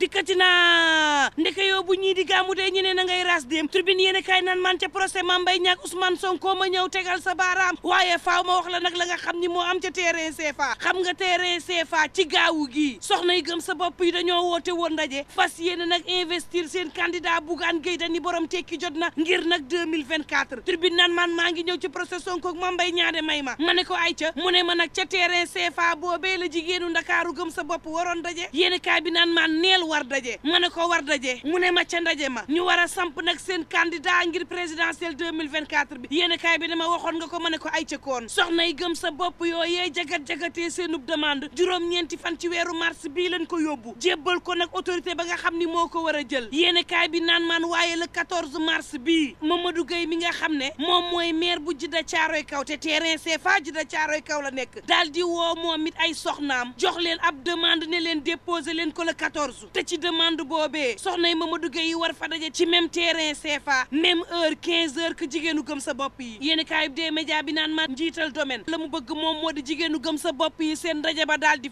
dikkati naa ndeke yoo bu ñii di gàmmu dee ñu ne na ngay ras dem tribune yéen kaay nan man ca procès Mame Mbaye Niang Ousmane ma ñëw tegal sa baaraam waaye faaw ma wax la nag la nga xam ni moo am ca terrain xam nga terrain CFA ci gaawu gii soxna yi gëm sa bopp yi dañoo woote woon ndaje fas yéene nag investir seen candidat Bougane Gueye Dany borom tekki jot na ngir nag 2024 tribune nan man maa ngi ñëw ci procès Sonko ak Mame Mbaye Niang may ma ma ne ko ay ca mu ne ma nag ca terrain CFA boobee la jigéenu Ndakaaru gëm sa bopp waroon ndaje yéen bi nan man neel war daje ma ne ko war daje mu ne ma ca ndaje ma ñu war a samp nag seen candidat ngir présidentielle 2024 bi yéen kaay bi dama waxoon nga ko ma ne ko ay ca koon soxna yi gëm sa bopp yooyee jagat-jagatee seenub demande juróom-ñeenti fan ci weeru mars bii lañ ko yóbbu jébbal ko nag autorité ba nga xam ni moo ko war a jël yéen kaay bi naan maan waaye le 14 bi bii Mamadou Gueye mi nga xam ne moom mooy maire bu Jidda Caaroy Kaw te terrain CFA Jidda Caaroy Kaw la nekk daal di woo moom it ay soxnaam jox leen ab demande ne leen déposer leen ko le 14 te ci demande boobee soxna yi Mamadou Gueye yi war fa daje ci même terrain CFA même heure 15 heures que jigéenu gëm sa bopp yi yéeni kaayub dee média bi naan ma njiital domaine la mu bëgg moom moo di jigéenu gëm sa bopp yi seen ndaje ba daal di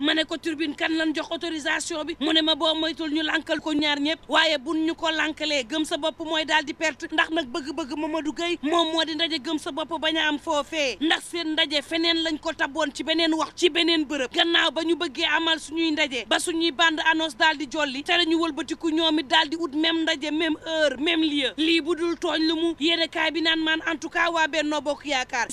ma ne ko turbine kan lan jox autorisation bi mu ne ma boo moytul ñu lankal ko ñaar ñëpp waaye buñ ñu ko lankalee gëm sa bopp mooy daal di perte ndax nag bëgg-bëgg ma Mamadou Gueye moom moo di ndaje gëm sa bopp bañ a am foofee ndax seen ndaje feneen lañ ko taboon ci beneen wax ci beneen bërëb gannaaw ba ñu bëggee amal suñuy ndaje daal di jolli te dañu wëlbatiku ñoom it daal bu dul tooñ lu mu bi naan maan en tout cas waa Benno Bokk Yaakaar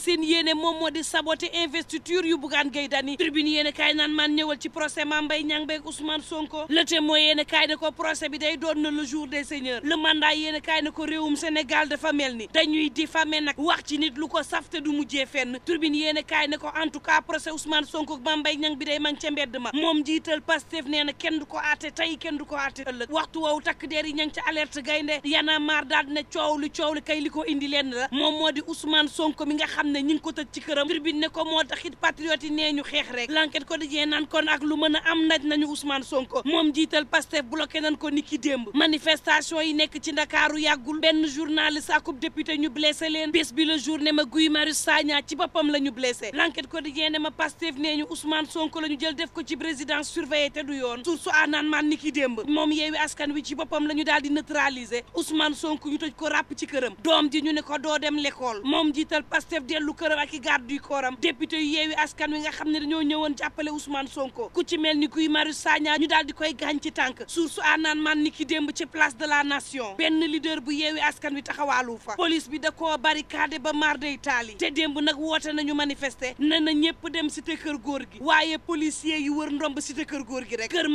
moom moo di saboter investiture yu Bougane Gueye Dany tribune yéene kaay naan maan ñëwal ci procès Mame Mbaye Niang beeg Ousmane Sonko ko bi day doon na le jour des seigneurs le ko réewum Sénégal dafa mel ni dañuy diffamer nag wax ci nit lu ko safte du mujjee fenn tribune yéene ne ko en tout cas procès Ousmane Sonko Mame Mbaye Niang bi day mang ca mbedd ma moom jiital Pastef nee kenn du ko àtte àtte tey kenn du ko àtte ëllëg waxtu woowu takk deer yi ña ngi ca alerte gaynde yana maar daal ne coow li coow li kay li ko indi leen la moom moo di Ousmane Sonko mi nga xam ne ñi ngi ko tëj ci këram tribune ne ko moo tax it patriote yi nee ñu xeex rek l'enquête ko dajee naan kon ak lu mën a am naj nañu Ousmane Sonko moom jiital Pastef bloqué nañ ko niki démb manifestation yi nekk ci Ndakaaru yàggul benn journaliste akub deputé ñu blessé leen bés bi le jour ma Guy Marius Sagna ci boppam la ñu blessé l'enquête ko dajee ne ma Pastef nee ñu Ousmane Sonko la ñu jël def ko ci présidence surveillée te du yoon Souleymane ni ki démb moom yeewi askan wi ci boppam la ñu daal di neutraliser Ousmane Sonko ñu tëj ko ràpp ci këram doom ji ñu ne ko doo dem lekkool moom jiital Pastef dellu këram ak i garde du corps am député yu yeewi askan wi nga xam ne dañoo ñëwoon jàppale Ousmane Sonko ku ci mel ni kuy Marius Sagna ñu daal di koy gaañ ci tànk source aanaan man ni ki démb ci place de la nation benn leader bu yeewi askan wi taxawaalu fa police bi da koo barricade ba mar day taali te démb nag woote nañu manifester ne na ñëpp dem cité kër góor gi waaye policier yu wër ndomb cité kër góor gi rek kër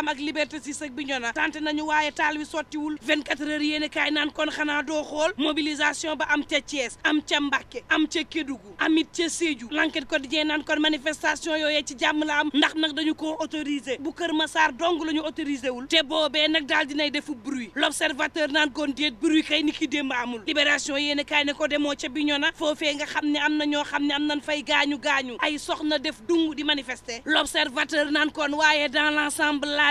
Wakaam ak Liberté 6 ak Bignona tenté nañu waaye taal wi sottiwul 24 heures yéene kaay naan kon xanaa doo xool mobilisation ba am ca Thiès am ca Mbacké am ca Kédougou amit ca Sédhiou l'enquête quotidien naan kon manifestation yooyee ci jàmm la am ndax nag dañu ko autorisé bu Kër Massar dong la ñu autorisé wul te boobee nag daal dinay defu bruit l'observateur naan kon déet bruit kay ni ki démb amul libération yéene kaay ne ko demoo ca Bignona foofee nga xam ne am na ñoo xam ne am nañ fay gaañu gaañu ay soxna def dung di manifester l'observateur naan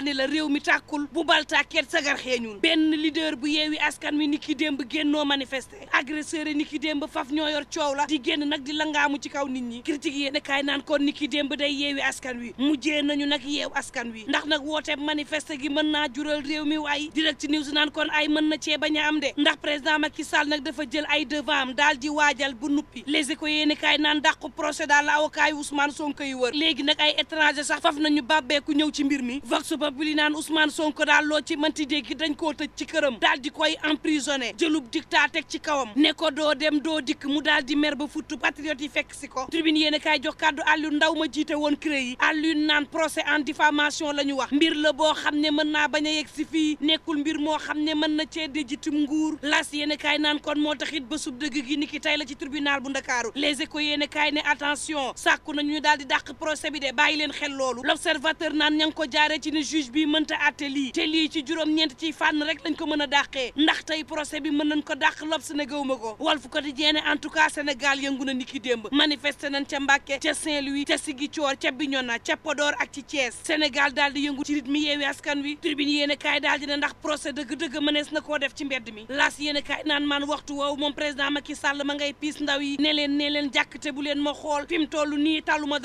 laa la réew mi tàkkul bu bal tàkkee sagar xeeñul benn leader bu yeewi askan wi ni ki démb génnoo manifester agresseur yi ni ki démb faf ñoo yor coow la di génn nag di langaamu ci kaw nit ñi critique yéen kaay naan kon ni ki démb day yeewi askan wi mujjee nañu nag yeew askan wi ndax nag woote manifester gi mën naa jural réew mi waay direct news naan kon ay mën na cee bañ a am de ndax président Macky Sall dafa jël ay devant am daal di waajal bu nuppi les éco yéen kaay naan dàqu procès daal la awokaay Ousmane Sonko yi léegi nag ay étranger sax faf nañu bàbbeeku ñëw ci mbir mi vox populi naan Ousmane Sonko daal loo ci mënti dégg dañ koo tëj ci këram daal di koy emprisonné jëlub dictat teg ci kawam ne ko doo dem doo dikk mu daal di mer ba futtu patriote yi fekk si ko tribune yéen a kaay jox kàddu Aliou Ndaw ma jiite woon CREI yi Aliou naan procès en diffamation la ñu wax mbir la boo xam ne mën naa bañ yegg si fii nekkul mbir moo xam ne mën na cee déjitum nguur las yéen a kaay naan kon moo taxit ba sub dëgg gi ni ki tey la ci tribunal bu Ndakaaru les échos yéen a kaay ne attention sàkku nañu daal di dàq procès bi leen xel loolu l'observateur naan ña ngi ko jaaree juge bi mënta àtte lii te lii ci juróom-ñeent ciy fànn rek lañ ko mën a dàqee ndax tey procès bi mën nañ ko dàq lobs ne gëwuma ko Walf Quotidien en tout cas Sénégal yëngu na niki démb manifesté nañ ca Mbàkke ca Saint-Louis ca Ziguinchor ca Bignona ca Podor ak ci Thiès Sénégal daal di yëngu ci rythme yeewi askan wi tribune yéen kaay daal dina ndax procès dëgg-dëgg mënees na koo def ci mbedd mi laas yéene kaay naan maan waxtu woowu moom président Macky sàll ma ngay piis ndaw yi ne leen ne leen jàkkate leen ma xool fi mu toll nii tàllu ma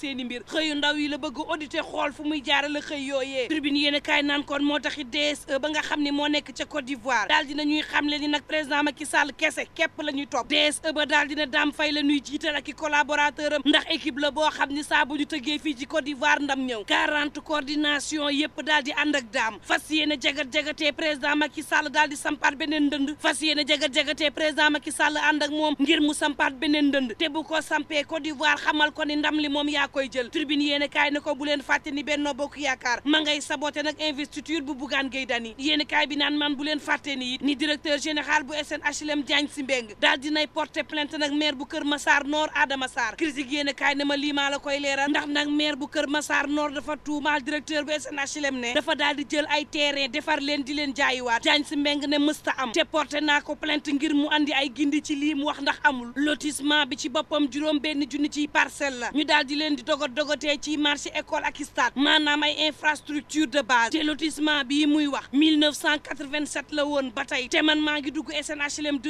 seeni mbir xëyu ndaw yi la bëgg audité xool fu muy jaarale xëy yooyu yooyee tribune yéen a kaay naan kon moo taxi DSE ba nga xam ne moo nekk ca Côte d'Ivoire daal dina ñuy xamle ni nag président Macky Sall kese képp la ñuy topp DSE ba daal dina daam fay la ñuy jiital ak i collaborateur am ndax équipe la boo xam ni saa bu ñu tëggee fii ci Côte d'Ivoire ndam ñëw quarante coordination yëpp daal di ànd ak daam fas yéene jagat-jagatee président Macky Sall daal di sampaat beneen ndënd fas yéene jagat-jagatee président Macky Sall ànd ak moom ngir mu sampaat beneen ndënd te bu ko sampee Côte d'Ivoire xamal ko ni ndam li moom yaa koy jël tribune yéen kaay ne ko bu leen fàtte ni Benno Bokk Yaakaar ma ngay saboté nag investiture bu Bougane Gueye Dany yéeni kaay naan man bu leen fàtte ni it ni directeur général bu SNHLM Diagne Sy Mbengue daal dinay porté plainte nag maire bu Kër Massar Nord Adama Sarr critique yéen i kaay ma lii maa la koy leeral ndax nag maire bu Kër Massar noor dafa tuumaal directeur bu SNHLM ne dafa daal di jël ay terrain defar leen di leen jaayiwaat Diagne si mbeng ne mësta am te porté naa ko plainte ngir mu andi ay gindi ci lii mu wax ndax amul lotissement bi ci boppam juróom benn junni ci parcelle la ñu daal di leen di dogot dogotee ci marché école ak stade maanaam ay infrastructure infrastructure de te lotissement bii muy wax la woon ba tey te man maa ngi dugg SNHLM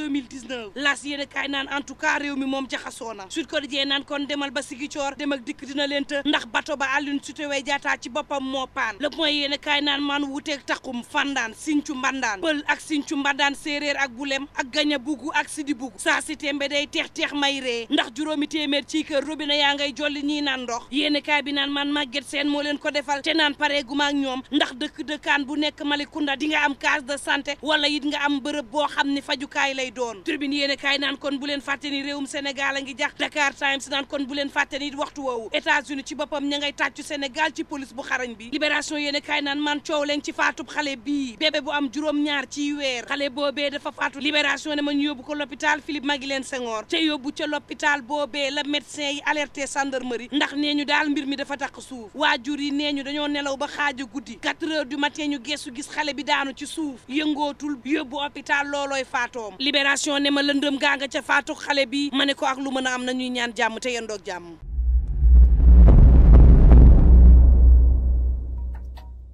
las yéen a kaay naan en tout cas réew mi moom jaxasoo na Sud Quotidien naan kon demal ba Sigicoor dem ak dikk dina leen të ndax bato ba Aline Sitoé Diatta ci boppam moo paan Le Point a kaay naan man wuteeg taxum fandaan Sinthiou Mbandaan pël ak Sinthiou Mbandaan séeréer ak bulem ak gaña bugu ak sidi bugu saa si tembe day teex teex may ree ndax juróomi téeméer ci kër robinet yaa ngay jolli ñii a dégguma ñoom ndax dëkk dëkkaan bu nekk Malicounda di nga am case de santé wala it nga am bërëb boo xam ne fajukaay lay doon tribune yéen kaay naan kon bu leen fàtte ni réewum Sénégal a ngi jax Dakar Times naan kon bu leen fàtte ni waxtu woowu États-Unis ci boppam ña ngay tàccu Sénégal ci police bu xarañ bi libération yéen kaay naan man coow leen ci faatub xale bii bébé bu am juróom-ñaar ci weer xale boobee dafa faatu libération ne ma ñu yóbbu ko l'hôpital Philippe Maguilène Senghor te yóbbu ca l'hôpital boobee la médecin yi alerté gendarmerie ndax nee ñu daal mbir mi dafa takk suuf waajur yi nee ñu dañoo nelaw ba xaaju guddi quatre heures du matin ñu geesu gis xale bi daanu ci suuf yëngootul yóbbu hôpital loolooy faatoom libération ne ma lëndëm gaa nga ca faatu xale bi ma ne ko ak lu mën a am na ñuy ñaan jàmm te yendoog jàmm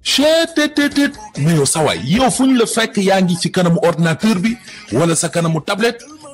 chetttt mais yow sawaay yow fu ñu la fekk yaa ngi ci kanamu ordinateur bi wala sa kanamu tablette